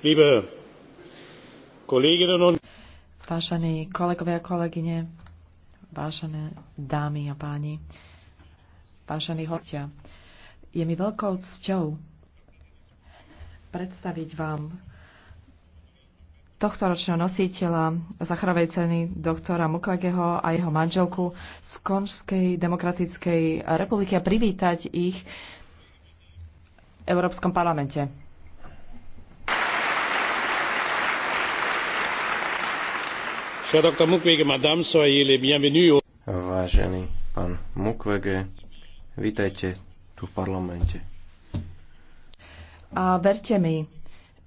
Liebe Kolleginnen und Vážení kolegovia a kolegyne, vážené dámy a páni, vážení hostia, je mi veľkou cťou predstaviť vám tohto ročného nositeľa Zacharovej ceny doktora Mukwegeho a jeho manželku z Konžskej demokratickej republiky a privítať ich v Európskom parlamente. Vážený pán Mukwege, vítajte tu v parlamente. A verte mi,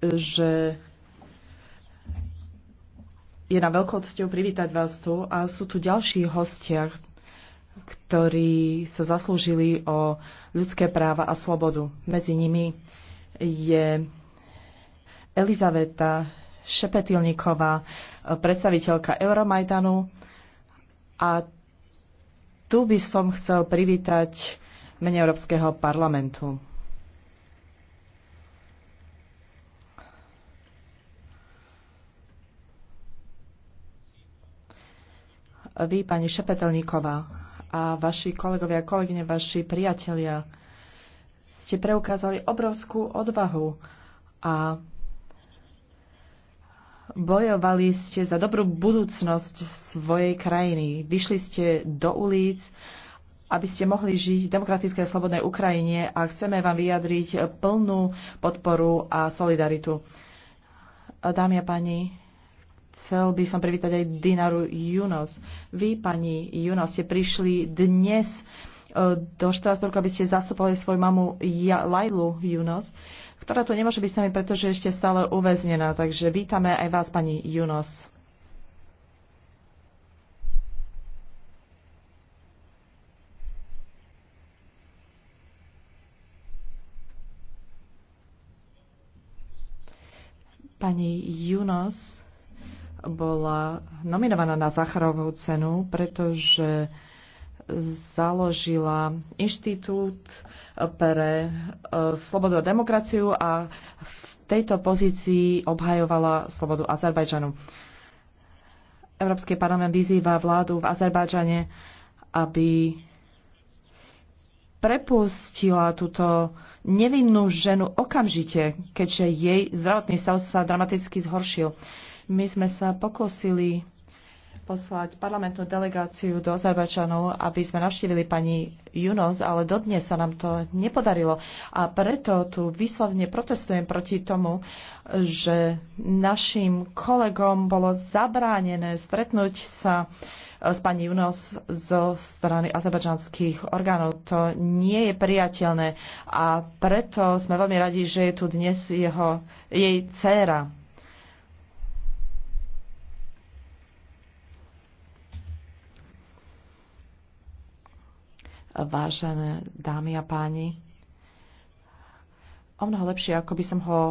že je na veľkou cťou privítať vás tu a sú tu ďalší hostia, ktorí sa zaslúžili o ľudské práva a slobodu. Medzi nimi je Elizaveta Šepetilníková, e, predstaviteľka Euromajdanu. A tu by som chcel privítať mene Európskeho parlamentu. Vy, pani Šepetelníková, a vaši kolegovia, kolegyne, vaši priatelia, ste preukázali obrovskú odvahu a Bojovali ste za dobrú budúcnosť svojej krajiny. Vyšli ste do ulic, aby ste mohli žiť v demokratickej a slobodnej Ukrajine a chceme vám vyjadriť plnú podporu a solidaritu. Dámy a páni, chcel by som privítať aj Dinaru Junos. Vy, pani Junos, ste prišli dnes eh, do Štrasburku, aby ste zastupovali svoju mamu Lailu Junos ktorá tu nemôže byť s nami, pretože ešte stále uväznená. Takže vítame aj vás, pani Junos. Pani Junos bola nominovaná na Zacharovú cenu, pretože založila Inštitút pre e, slobodu a demokraciu a v tejto pozícii obhajovala slobodu Azerbajdžanu. Európsky parlament vyzýva vládu v Azerbajdžane, aby prepustila túto nevinnú ženu okamžite, keďže jej zdravotný stav sa dramaticky zhoršil. My sme sa pokosili poslať parlamentnú delegáciu do Azerbajdžanu, aby sme navštívili pani Junos, ale dodnes sa nám to nepodarilo. A preto tu vyslovne protestujem proti tomu, že našim kolegom bolo zabránené stretnúť sa e, s pani Junos zo strany azerbajdžanských orgánov. To nie je priateľné a preto sme veľmi radi, že je tu dnes jeho, jej dcéra. vážené dámy a páni. O mnoho lepšie, ako by som ho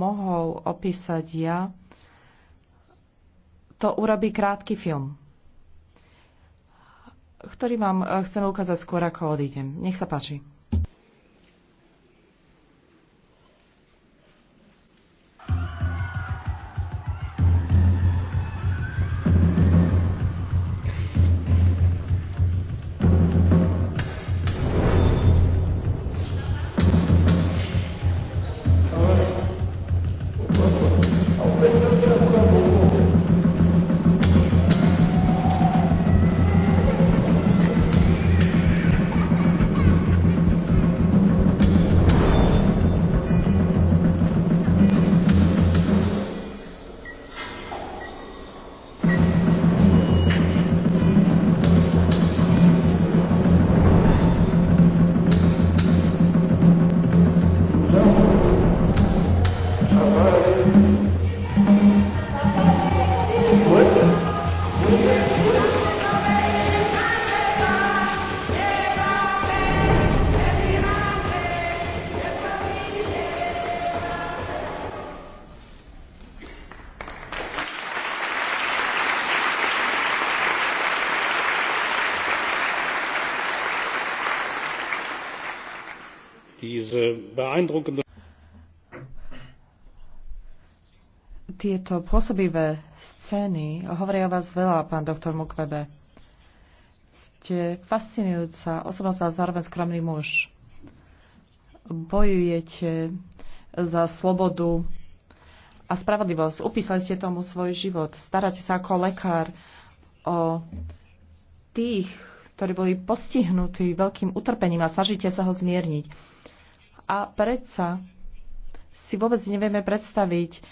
mohol opísať ja, to urobí krátky film, ktorý vám chcem ukázať skôr, ako odídem. Nech sa páči. Tieto pôsobivé scény hovoria o vás veľa, pán doktor Mukwebe. Ste fascinujúca osobnosť a zároveň skromný muž. Bojujete za slobodu a spravodlivosť. Upísali ste tomu svoj život. Staráte sa ako lekár o tých, ktorí boli postihnutí veľkým utrpením a snažíte sa ho zmierniť a predsa si vôbec nevieme predstaviť,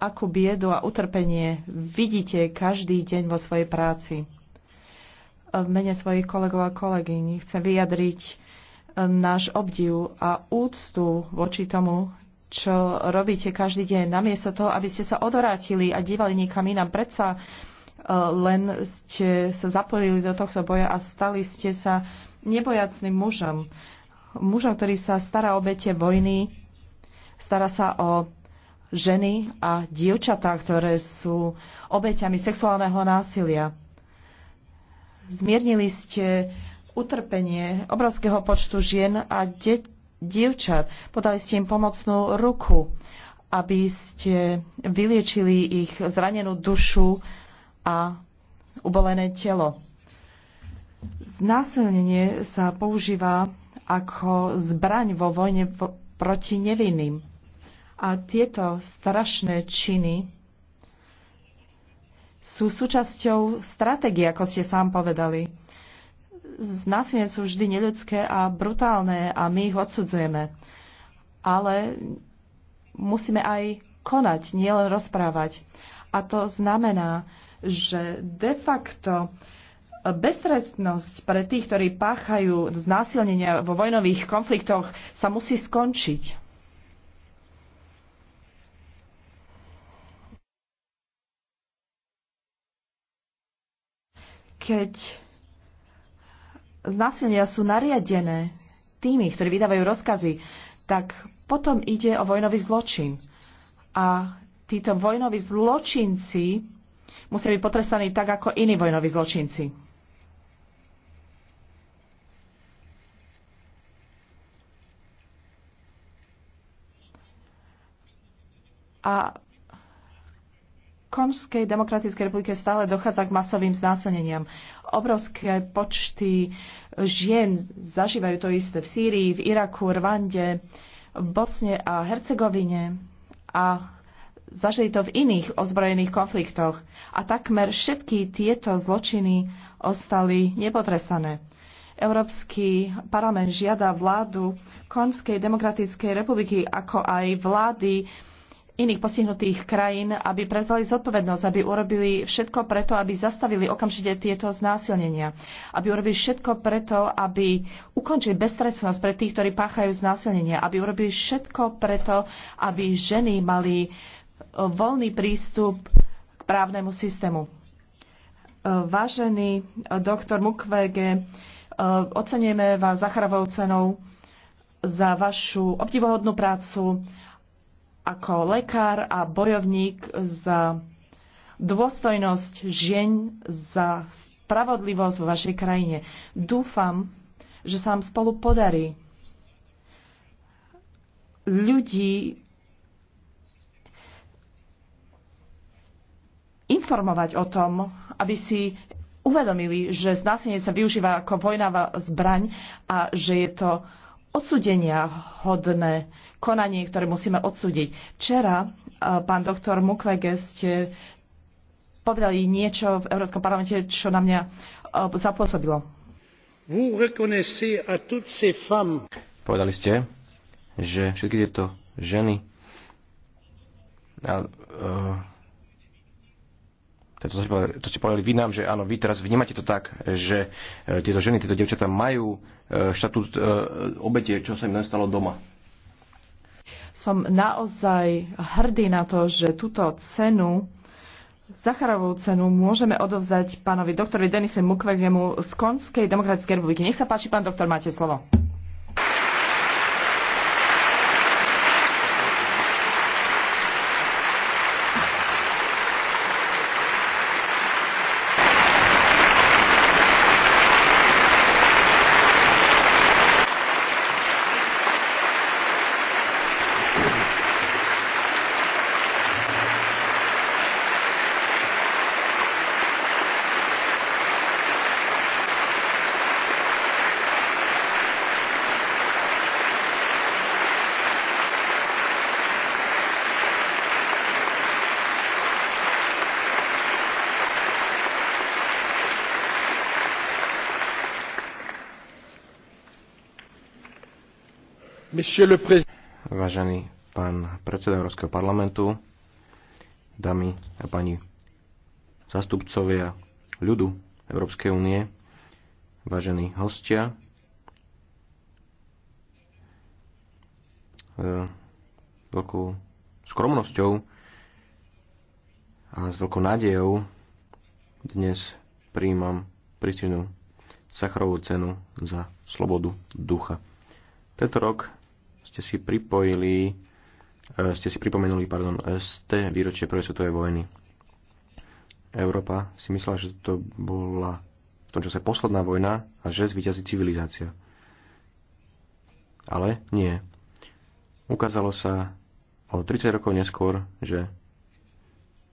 akú biedu a utrpenie vidíte každý deň vo svojej práci. V mene svojich kolegov a kolegyň chcem vyjadriť e, náš obdiv a úctu voči tomu, čo robíte každý deň. Namiesto toho, aby ste sa odvrátili a dívali niekam inám, predsa e, len ste sa zapojili do tohto boja a stali ste sa nebojacným mužom. Mužom, ktorý sa stará o bete vojny, stará sa o ženy a dievčatá, ktoré sú obeťami sexuálneho násilia. Zmiernili ste utrpenie obrovského počtu žien a de- dievčat. Podali ste im pomocnú ruku, aby ste vyliečili ich zranenú dušu a ubolené telo. Znásilnenie sa používa ako zbraň vo vojne proti nevinným. A tieto strašné činy sú súčasťou stratégie, ako ste sám povedali. Znásilnenie sú vždy neľudské a brutálne a my ich odsudzujeme. Ale musíme aj konať, nielen rozprávať. A to znamená, že de facto Beztrestnosť pre tých, ktorí páchajú znásilnenia vo vojnových konfliktoch, sa musí skončiť. Keď znásilnenia sú nariadené tými, ktorí vydávajú rozkazy, tak potom ide o vojnový zločin. A títo vojnoví zločinci musia byť potrestaní tak ako iní vojnoví zločinci. a Konžskej demokratickej republike stále dochádza k masovým znásilneniam. Obrovské počty žien zažívajú to isté v Sýrii, v Iraku, Rwande, Bosne a Hercegovine a zažili to v iných ozbrojených konfliktoch. A takmer všetky tieto zločiny ostali nepotrestané. Európsky parlament žiada vládu Konskej demokratickej republiky, ako aj vlády iných postihnutých krajín, aby prevzali zodpovednosť, aby urobili všetko preto, aby zastavili okamžite tieto znásilnenia, aby urobili všetko preto, aby ukončili bezstrednosť pre tých, ktorí páchajú znásilnenia, aby urobili všetko preto, aby ženy mali e, voľný prístup k právnemu systému. E, vážený e, doktor Mukwege, oceňujeme vás Zacharovou cenou za vašu obdivohodnú prácu ako lekár a bojovník za dôstojnosť žien, za spravodlivosť vo vašej krajine. Dúfam, že sa vám spolu podarí ľudí informovať o tom, aby si uvedomili, že znásilnenie sa využíva ako vojnová zbraň a že je to odsudenia hodné konanie, ktoré musíme odsúdiť. Včera, eh, pán doktor Mukwege, ste povedali niečo v Európskom parlamente, čo na mňa eh, zapôsobilo. Povedali ste, že všetky tieto ženy eh, to, to ste povedali vy nám, že áno, vy teraz vnímate to tak, že e, tieto ženy, tieto devčatá majú e, štatút e, obete, čo sa im nestalo doma. Som naozaj hrdý na to, že túto cenu Zacharovú cenu môžeme odovzdať pánovi doktorovi Denise Mukwegemu z Konskej demokratickej republiky. Nech sa páči, pán doktor, máte slovo. Vážený pán predseda Európskeho parlamentu, dámy a pani zastupcovia ľudu Európskej únie, vážení hostia, e, s veľkou skromnosťou a s veľkou nádejou dnes príjmam prísinu Sacharovú cenu za slobodu ducha. Tento rok ste si pripojili, e, ste si pripomenuli, pardon, ST, výročie prvej svetovej vojny. Európa si myslela, že to bola v tom čase posledná vojna a že zvíťazí civilizácia. Ale nie. Ukázalo sa o 30 rokov neskôr, že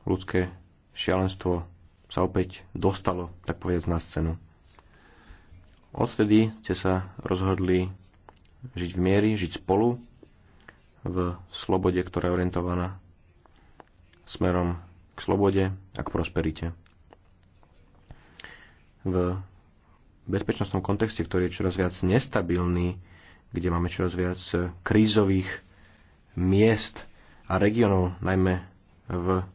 ľudské šialenstvo sa opäť dostalo, tak povedať, na scénu. Odvtedy ste sa rozhodli žiť v miery, žiť spolu v slobode, ktorá je orientovaná smerom k slobode a k prosperite. V bezpečnostnom kontexte, ktorý je čoraz viac nestabilný, kde máme čoraz viac krízových miest a regionov, najmä v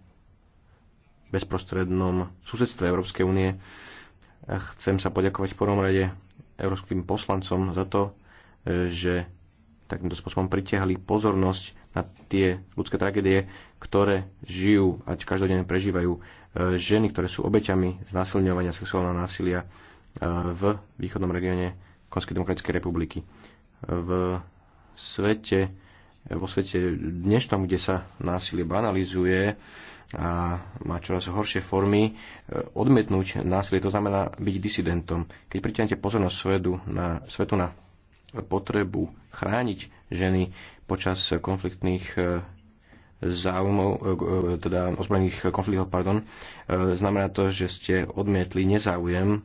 bezprostrednom susedstve Európskej únie. Chcem sa poďakovať v prvom rade európskym poslancom za to, že takýmto spôsobom pritiahli pozornosť na tie ľudské tragédie, ktoré žijú a každodenne prežívajú e, ženy, ktoré sú obeťami znásilňovania sexuálneho násilia e, v východnom regióne Konskej demokratickej republiky. V svete, vo svete dnešnom, kde sa násilie banalizuje a má čoraz horšie formy, e, odmietnúť násilie, to znamená byť disidentom. Keď pritiahnete pozornosť na, svetu na potrebu chrániť ženy počas konfliktných e, záujmov, e, e, teda ozbrojených konfliktov, pardon, znamená to, že ste odmietli nezáujem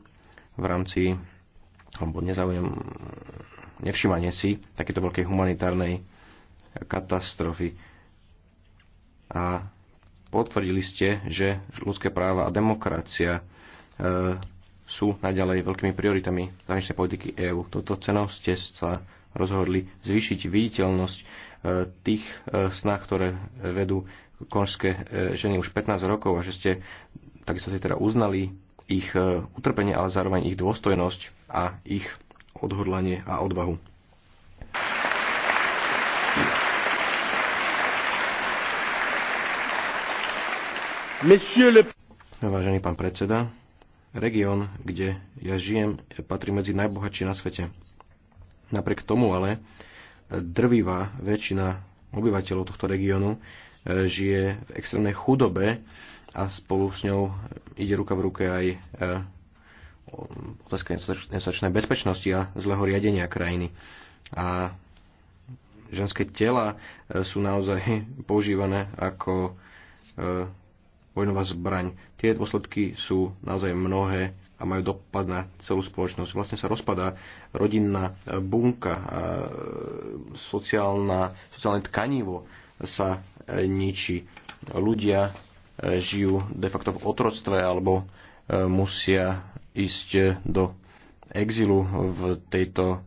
v rámci, alebo nezáujem, nevšimanie si takéto veľkej humanitárnej katastrofy. A potvrdili ste, že ľudské práva a demokracia sú naďalej veľkými prioritami zahraničnej politiky EÚ. Toto cenou ste sa rozhodli zvýšiť viditeľnosť e, tých e, snah, ktoré vedú konžské e, ženy už 15 rokov a že ste takisto ste teda uznali ich utrpenie, ale zároveň ich dôstojnosť a ich odhodlanie a odvahu. Vážený pán predseda, Región, kde ja žijem, patrí medzi najbohatšie na svete. Napriek tomu ale e, drvivá väčšina obyvateľov tohto regiónu e, žije v extrémnej chudobe a spolu s ňou ide ruka v ruke aj e, otázka nesačnej bezpečnosti a zlého riadenia krajiny. A ženské tela sú naozaj používané ako vojnová zbraň. Tie dôsledky sú naozaj mnohé a majú dopad na celú spoločnosť. Vlastne sa rozpadá rodinná bunka, e, sociálna, sociálne tkanivo sa e, ničí. Ľudia e, žijú de facto v otroctve alebo musia ísť do exilu v tejto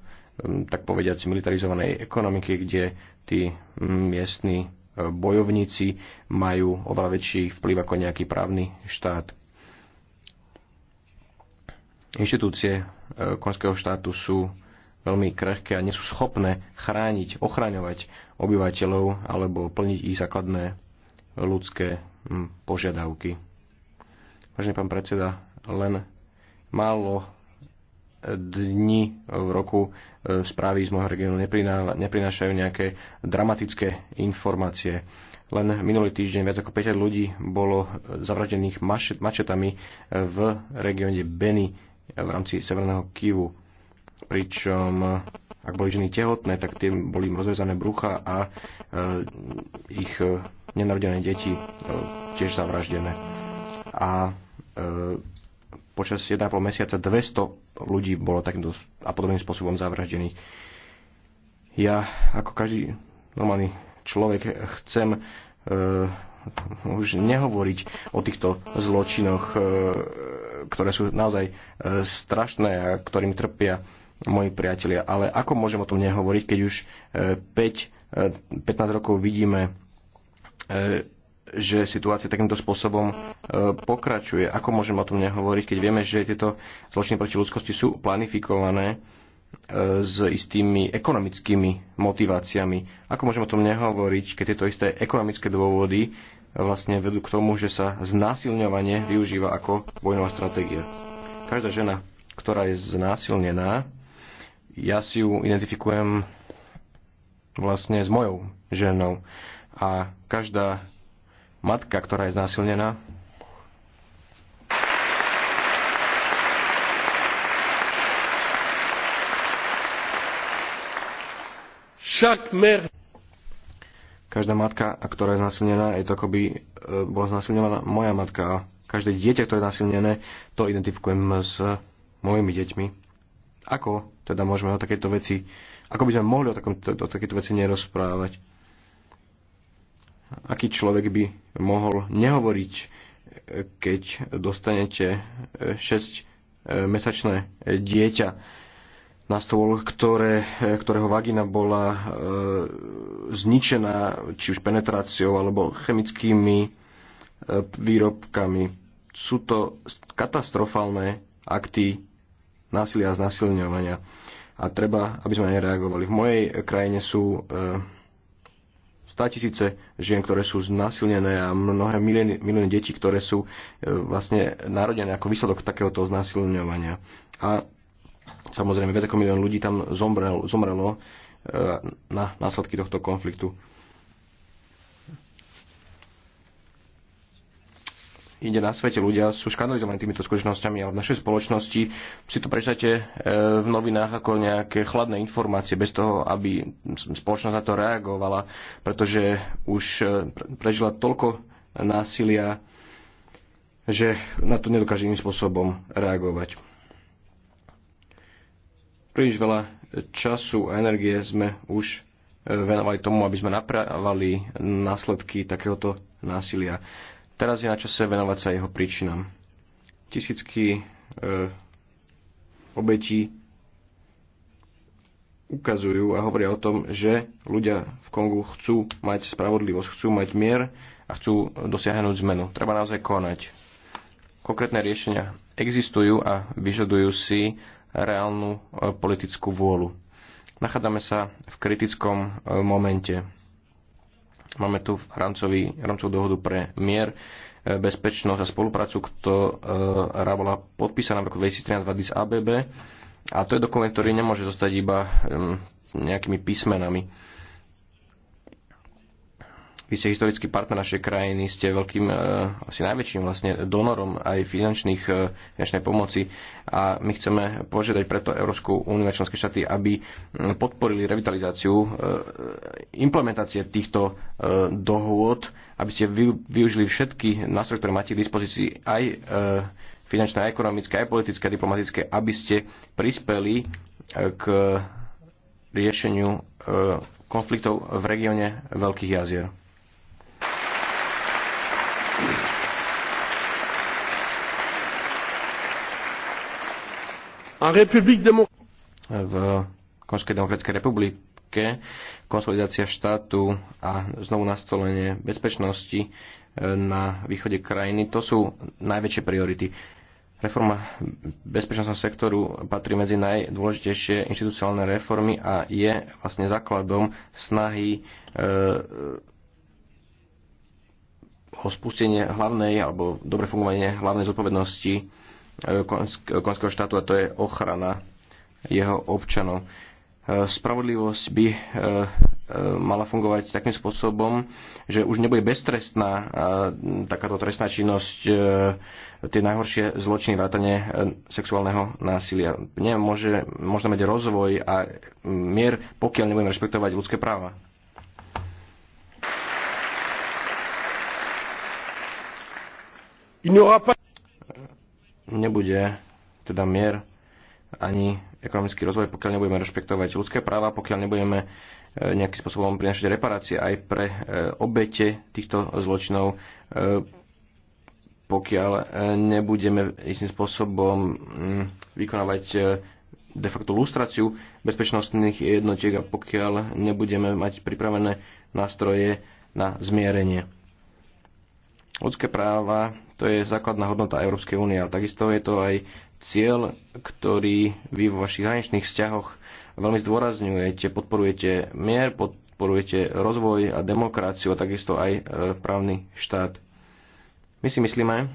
tak povediať, militarizovanej ekonomiky, kde tí miestni bojovníci majú oveľa väčší vplyv ako nejaký právny štát. Inštitúcie e, konského štátu sú veľmi krehké a nie sú schopné chrániť, ochraňovať obyvateľov alebo plniť ich základné ľudské požiadavky. Vážený pán predseda, len málo dni v roku e, správy z môjho regiónu neprinášajú nejaké dramatické informácie. Len minulý týždeň viac ako 50 ľudí bolo zavraždených mačetami v regióne Beny v rámci Severného Kivu. Pričom ak boli ženy tehotné, tak tým boli im rozrezané brucha a e, ich e, nenarodené deti e, tiež zavraždené. A e, počas 1,5 mesiaca 200 ľudí bolo takýmto a podobným spôsobom zavraždených. Ja, ako každý normálny človek, chcem uh, už nehovoriť o týchto zločinoch, uh, ktoré sú naozaj uh, strašné a ktorým trpia moji priatelia. Ale ako môžem o tom nehovoriť, keď už uh, 5, uh, 15 rokov vidíme že situácia takýmto spôsobom e, pokračuje. Ako môžeme o tom nehovoriť, keď vieme, že tieto zločiny proti ľudskosti sú planifikované e, s istými ekonomickými motiváciami. Ako môžeme o tom nehovoriť, keď tieto isté ekonomické dôvody e, vlastne vedú k tomu, že sa znásilňovanie využíva ako vojnová stratégia. Každá žena, ktorá je znásilnená, ja si ju identifikujem vlastne s mojou ženou. A každá matka, ktorá je znásilnená, Každá matka, ktorá je znásilnená, je to akoby e, bola znásilnená moja matka. A každé dieťa, ktoré je znásilnené, to identifikujem s mojimi deťmi. Ako teda môžeme o takéto veci, ako by sme mohli o, takom, o takéto veci nerozprávať? aký človek by mohol nehovoriť, keď dostanete 6-mesačné e, e, dieťa na stôl, ktoré, e, ktorého vagina bola e, zničená či už penetráciou alebo chemickými e, výrobkami. Sú to katastrofálne akty násilia a znasilňovania a treba, aby sme nereagovali. V mojej krajine sú e, tisíce žien, ktoré sú znásilnené a mnohé milióny, milióny detí, ktoré sú e, vlastne narodené ako výsledok takéhoto znásilňovania. A samozrejme viac ako milión ľudí tam zomrelo, zomrelo na následky tohto konfliktu. inde na svete. Ľudia sú škandalizovaní týmito skutočnosťami, ale v našej spoločnosti si to prečítate e, v novinách ako nejaké chladné informácie, bez toho, aby spoločnosť na to reagovala, pretože už e, prežila toľko násilia, že na to nedokáže iným spôsobom reagovať. Príliš veľa času a energie sme už e, venovali tomu, aby sme napravali následky takéhoto násilia. Teraz je na čase venovať sa jeho príčinám. Tisícky e, obetí ukazujú a hovoria o tom, že ľudia v Kongu chcú mať spravodlivosť, chcú mať mier a chcú dosiahnuť zmenu. Treba naozaj konať. Konkrétne riešenia existujú a vyžadujú si reálnu e, politickú vôľu. Nachádzame sa v kritickom e, momente. Máme tu v rámcový, rámcovú dohodu pre mier, e, bezpečnosť a spoluprácu, ktorá e, bola podpísaná v roku 2013 v Addis ABB. A to je dokument, ktorý nemôže zostať iba nejakými písmenami vy ste historický partner našej krajiny, ste veľkým, e, asi najväčším vlastne donorom aj finančných, e, finančnej pomoci a my chceme požiadať preto Európsku úniu a členské štáty, aby podporili revitalizáciu e, implementácie týchto dohôd, aby ste využili všetky nástroje, ktoré máte k dispozícii aj finančné, aj ekonomické, aj politické, diplomatické, aby ste prispeli k riešeniu konfliktov v regióne Veľkých jazier. V Konskej demokratickej republike konsolidácia štátu a znovu nastolenie bezpečnosti e, na východe krajiny, to sú najväčšie priority. Reforma bezpečnostného sektoru patrí medzi najdôležitejšie inštitucionálne reformy a je vlastne základom snahy e, o spustenie hlavnej alebo dobre fungovanie hlavnej zodpovednosti konského štátu a to je ochrana jeho občanov. E, spravodlivosť by e, e, mala fungovať takým spôsobom, že už nebude beztrestná takáto trestná činnosť, tie najhoršie zločiny vrátane sexuálneho násilia. Nemôže, možno mať rozvoj a mier, pokiaľ nebudeme rešpektovať ľudské práva nebude teda mier ani ekonomický rozvoj, pokiaľ nebudeme rešpektovať ľudské práva, pokiaľ nebudeme e, nejakým spôsobom prinašať reparácie aj pre e, obete týchto zločinov, e, pokiaľ nebudeme istým spôsobom mm, vykonávať de facto lustráciu bezpečnostných jednotiek a pokiaľ nebudeme mať pripravené nástroje na zmierenie. Ľudské práva to je základná hodnota Európskej únie, ale takisto je to aj cieľ, ktorý vy vo vašich zahraničných vzťahoch veľmi zdôrazňujete, podporujete mier, podporujete rozvoj a demokraciu a takisto aj e, právny štát. My si myslíme,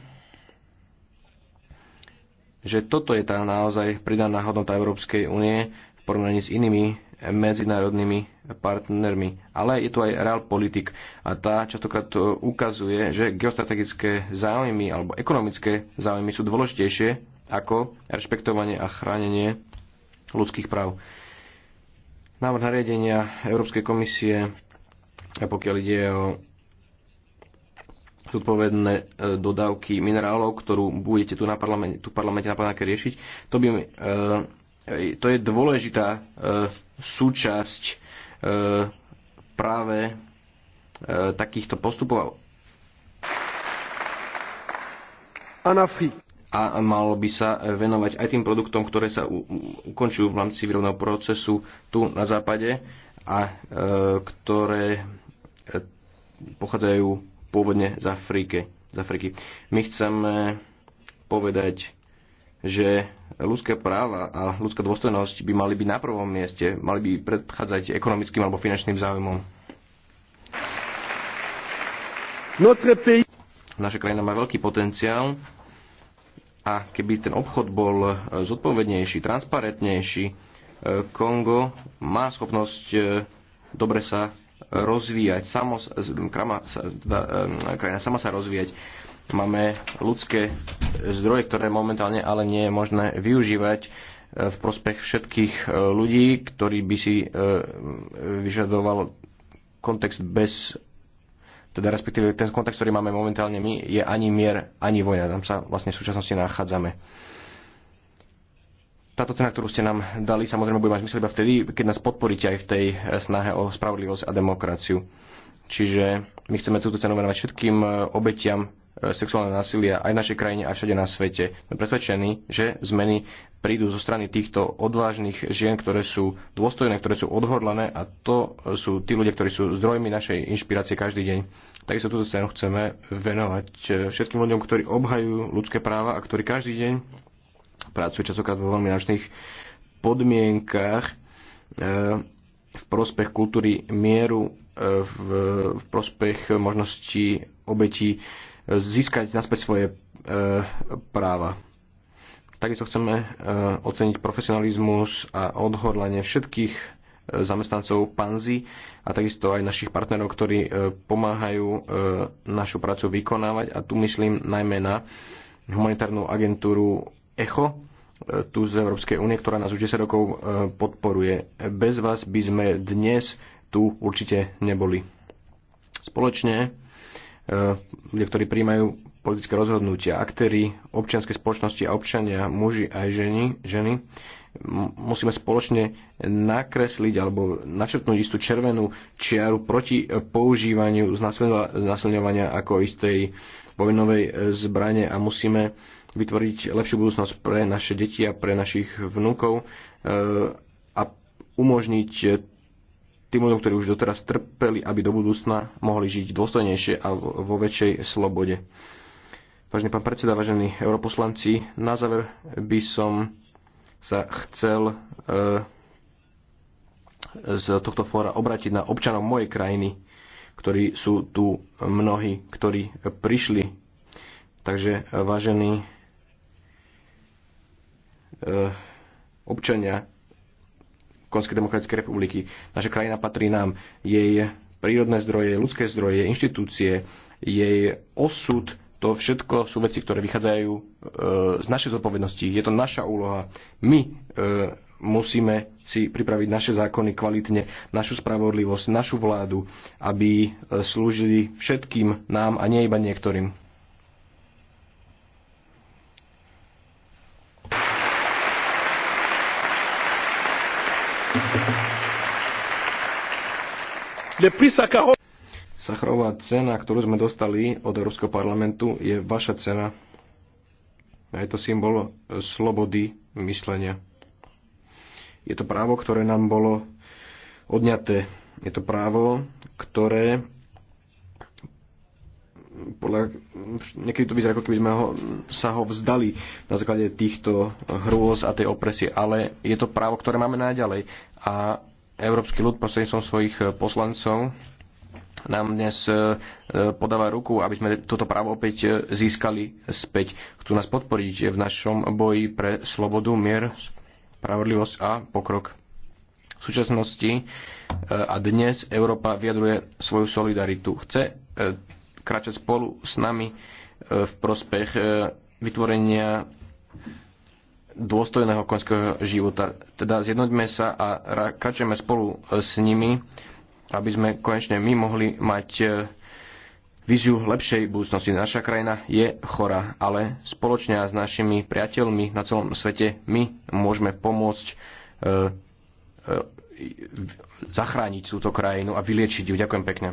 že toto je tá naozaj pridaná hodnota Európskej únie v porovnaní s inými medzinárodnými partnermi. Ale je tu aj realpolitik a tá častokrát ukazuje, že geostrategické záujmy alebo ekonomické záujmy sú dôležitejšie ako rešpektovanie a chránenie ľudských práv. Návrh nariadenia Európskej komisie, pokiaľ ide o zodpovedné e, dodávky minerálov, ktorú budete tu, na parlamente, tu v parlamente na riešiť, to by e, to je dôležitá e, súčasť e, práve e, takýchto postupov. Anafri. A mal by sa venovať aj tým produktom, ktoré sa ukončujú v rámci výrobného procesu tu na západe a e, ktoré pochádzajú pôvodne z, z Afriky. My chceme povedať že ľudské práva a ľudská dôstojnosť by mali byť na prvom mieste, mali by predchádzať ekonomickým alebo finančným záujmom. Naša krajina má veľký potenciál a keby ten obchod bol e, zodpovednejší, transparentnejší, e, Kongo má schopnosť e, dobre sa rozvíjať, samos, krama, sa, krajina sama sa rozvíjať Máme ľudské zdroje, ktoré momentálne ale nie je možné využívať e, v prospech všetkých e, ľudí, ktorí by si e, vyžadoval kontext bez teda respektíve ten kontext, ktorý máme momentálne my, je ani mier, ani vojna. Tam sa vlastne v súčasnosti nachádzame. Táto cena, ktorú ste nám dali, samozrejme bude mať zmysel iba vtedy, keď nás podporíte aj v tej snahe o spravodlivosť a demokraciu. Čiže my chceme túto cenu venovať všetkým obetiam E, sexuálne násilia aj v našej krajine, aj všade na svete. Sme presvedčení, že zmeny prídu zo strany týchto odvážnych žien, ktoré sú dôstojné, ktoré sú odhodlané a to sú tí ľudia, ktorí sú zdrojmi našej inšpirácie každý deň. Takisto túto scénu chceme venovať e, všetkým ľuďom, ktorí obhajujú ľudské práva a ktorí každý deň pracujú časokrát vo veľmi náročných podmienkách e, v prospech kultúry mieru, v, prospech možnosti obetí získať naspäť svoje e, práva. Takisto chceme e, oceniť profesionalizmus a odhodlanie všetkých e, zamestnancov panzi a takisto aj našich partnerov, ktorí pomáhajú našu prácu vykonávať a tu myslím najmä na humanitárnu agentúru ECHO, tu z Európskej únie, ktorá nás už 10 rokov podporuje. Bez vás by sme dnes tu určite neboli. Spoločne ľudia, e, ktorí príjmajú politické rozhodnutia, aktéry, občianske spoločnosti a občania, muži aj ženy, ženy musíme spoločne nakresliť alebo načrtnúť istú červenú čiaru proti používaniu znásilňovania ako istej vojnovej e, zbrane a musíme vytvoriť lepšiu budúcnosť pre naše deti a pre našich vnúkov e, a umožniť tým ľuďom, ktorí už doteraz trpeli, aby do budúcna mohli žiť dôstojnejšie a vo väčšej slobode. Vážený pán predseda, vážení europoslanci, na záver by som sa chcel e, z tohto fóra obrátiť na občanov mojej krajiny, ktorí sú tu mnohí, ktorí prišli. Takže, e, vážení e, občania Konskej demokratickej republiky. Naša krajina patrí nám. Jej prírodné zdroje, ľudské zdroje, inštitúcie, jej osud, to všetko sú veci, ktoré vychádzajú e, z našej zodpovednosti. Je to naša úloha. My e, musíme si pripraviť naše zákony kvalitne, našu spravodlivosť, našu vládu, aby e, slúžili všetkým nám a nie iba niektorým. Sacharová cena, ktorú sme dostali od Európskeho parlamentu, je vaša cena. A je to symbol e, slobody myslenia. Je to právo, ktoré nám bolo odňaté. Je to právo, ktoré podľa, niekedy to vyzerá, ako keby sme ho, sa ho vzdali na základe týchto hrôz a tej opresie, ale je to právo, ktoré máme naďalej. A Európsky ľud prostredníctvom svojich poslancov nám dnes e, podáva ruku, aby sme toto právo opäť e, získali späť. Chcú nás podporiť v našom boji pre slobodu, mier, spravodlivosť a pokrok. V súčasnosti e, a dnes Európa vyjadruje svoju solidaritu. Chce kráčať spolu s nami e, v prospech e, vytvorenia dôstojného konského života. Teda zjednoďme sa a kráčeme spolu e, s nimi, aby sme konečne my mohli mať víziu lepšej budúcnosti. Naša krajina je chora, ale spoločne s našimi priateľmi na celom svete my môžeme pomôcť e, e, zachrániť túto krajinu a vyliečiť ju. Ďakujem pekne.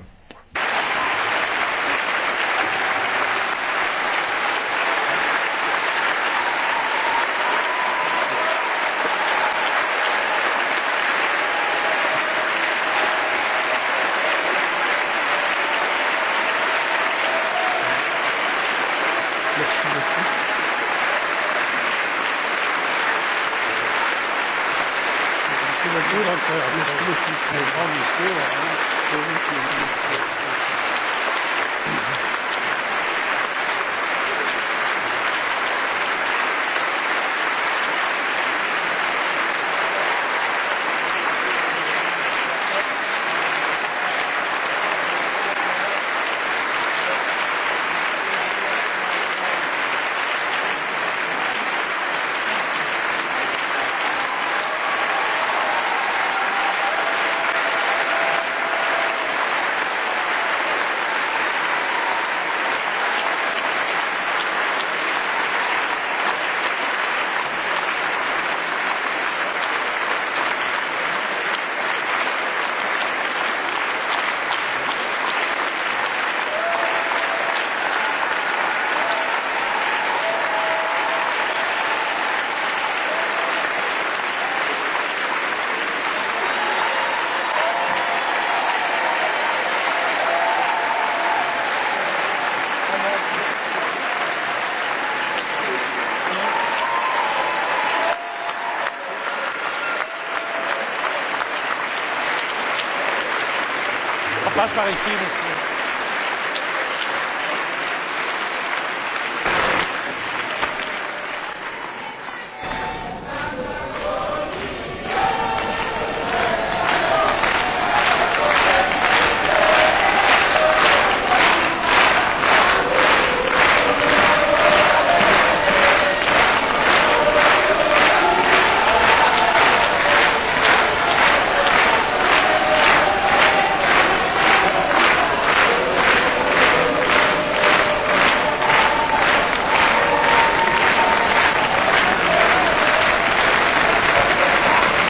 Merci beaucoup.